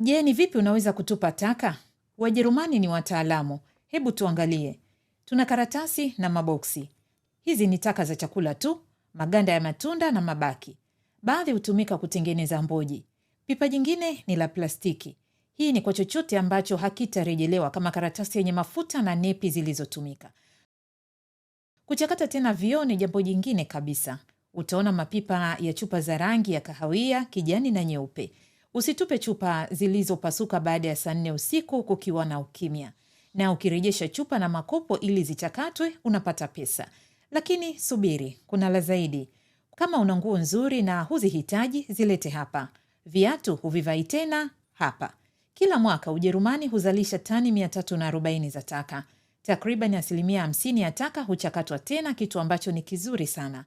Je, ni vipi unaweza kutupa taka? Wajerumani ni wataalamu. Hebu tuangalie. Tuna karatasi na maboksi. Hizi ni taka za chakula tu, maganda ya matunda na mabaki. Baadhi hutumika kutengeneza mboji. Pipa jingine ni la plastiki. Hii ni kwa chochote ambacho hakitarejelewa kama karatasi yenye mafuta na nepi zilizotumika. Kuchakata tena vioo ni jambo jingine kabisa. Utaona mapipa ya chupa za rangi ya kahawia, kijani na nyeupe. Usitupe chupa zilizopasuka baada ya saa nne usiku kukiwa na ukimya, na ukirejesha chupa na makopo ili zichakatwe unapata pesa. Lakini subiri, kuna la zaidi. Kama una nguo nzuri na huzihitaji, zilete hapa. Viatu huvivai tena hapa. Kila mwaka Ujerumani huzalisha tani 340 za taka. Takriban asilimia 50 ya taka huchakatwa tena, kitu ambacho ni kizuri sana.